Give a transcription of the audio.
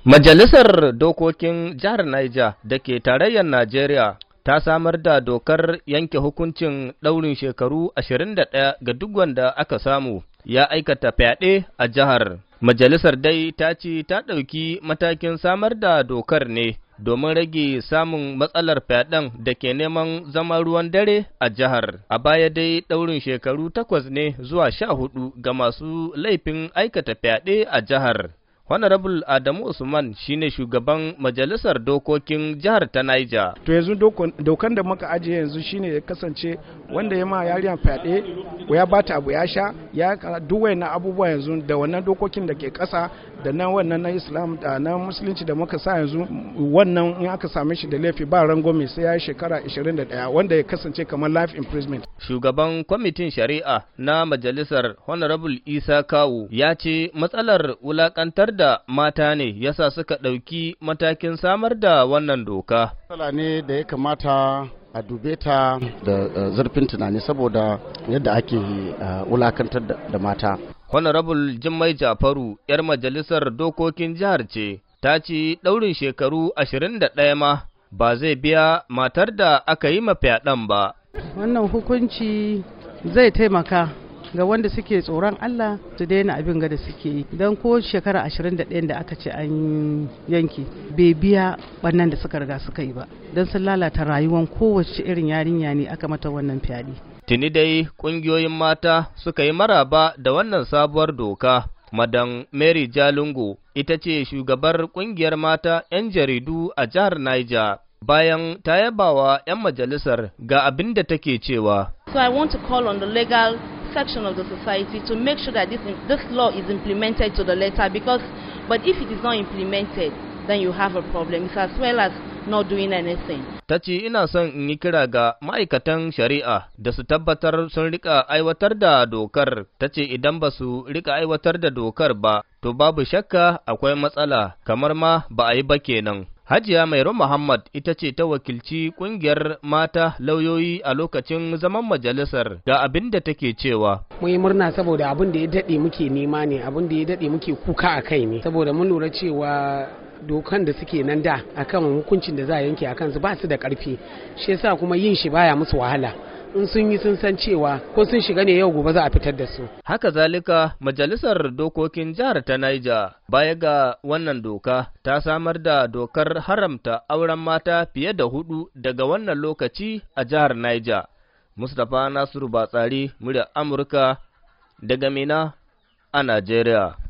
Majalisar Dokokin Jihar Niger da ke tarayyar Najeriya ta samar da dokar yanke hukuncin ɗaurin shekaru 21 ga duk wanda aka samu ya aikata fyaɗe a jihar. Majalisar dai ta ce ta ɗauki matakin samar da dokar ne domin rage samun matsalar fyaɗen da ke neman zama ruwan dare a jihar. A baya dai ɗaurin shekaru takwas ne zuwa sha hudu ga masu laifin aikata fyaɗe a jihar. Honorable Adamu Usman shine shugaban majalisar dokokin jihar ta Niger. To yanzu dokan da muka ajiye yanzu shine ya kasance wanda ya ma yariyan fyaɗe ya bata abu ya sha ya duk na abubuwa yanzu da wannan dokokin da ke ƙasa da na wannan na islam da na musulunci da muka sa yanzu wannan in aka same shi da laifi ba mai sai ya yi shekara 21 wanda ya kasance kamar life imprisonment shugaban kwamitin shari'a na majalisar honorable isa kawu ya ce matsalar wulakantar da mata ne ya sa suka ɗauki matakin samar da wannan doka matsala ne da ya kamata a dube ta da eh, zurfin tunani saboda yadda ake eh, wulakantar da mata Honorable Jummai Jafaru, ‘yar majalisar dokokin jihar ce, ta ci ɗaurin shekaru ashirin da ɗaya ma ba zai biya matar da aka yi fyaɗen ba. Wannan hukunci zai taimaka ga wanda suke tsoron Allah su daina abin da suke yi don ko shekara ashirin da da aka ce an yanki bai biya ɓannan da suka riga suka yi ba don sun lalata rayuwan kowace irin yarinya ne aka mata wannan fyaɗe. Tuni dai ƙungiyoyin mata suka yi maraba da wannan sabuwar doka. Madam Mary jalungu ita ce shugabar ƙungiyar mata 'yan jaridu a jihar Niger. Bayan ta yabawa 'yan majalisar ga abin da take cewa. So I want to call on the legal section of the society to make sure that this, this law is implemented to the letter because but if it is not implemented then you have a problem. It's as well as not doing anything. Ta ina son in yi kira ga ma'aikatan shari'a da su tabbatar sun rika aiwatar da dokar. Ta ce idan ba su rika aiwatar da dokar ba, to babu shakka akwai matsala kamar ma ba a yi ba kenan. Hajiya Mairo Muhammad ita ce ta wakilci ƙungiyar mata lauyoyi a lokacin zaman majalisar ga abin da take cewa. Mun yi murna saboda abin da ya daɗe muke nema ne abin da ya daɗe muke kuka a kai ne saboda mun lura cewa dokan da suke nan da akan hukuncin da za a yanke akan su ba su da karfi shi yasa kuma yin shi baya musu wahala in sun yi sun san cewa ko sun shiga ne yau gobe za a fitar da su. Haka zalika majalisar dokokin jihar ta Naija baya ga wannan doka ta samar da dokar haramta auren mata fiye da hudu daga wannan lokaci a jihar Naija. Mustapha Nasiru Batsari, murya Amurka daga Mina a Najeriya.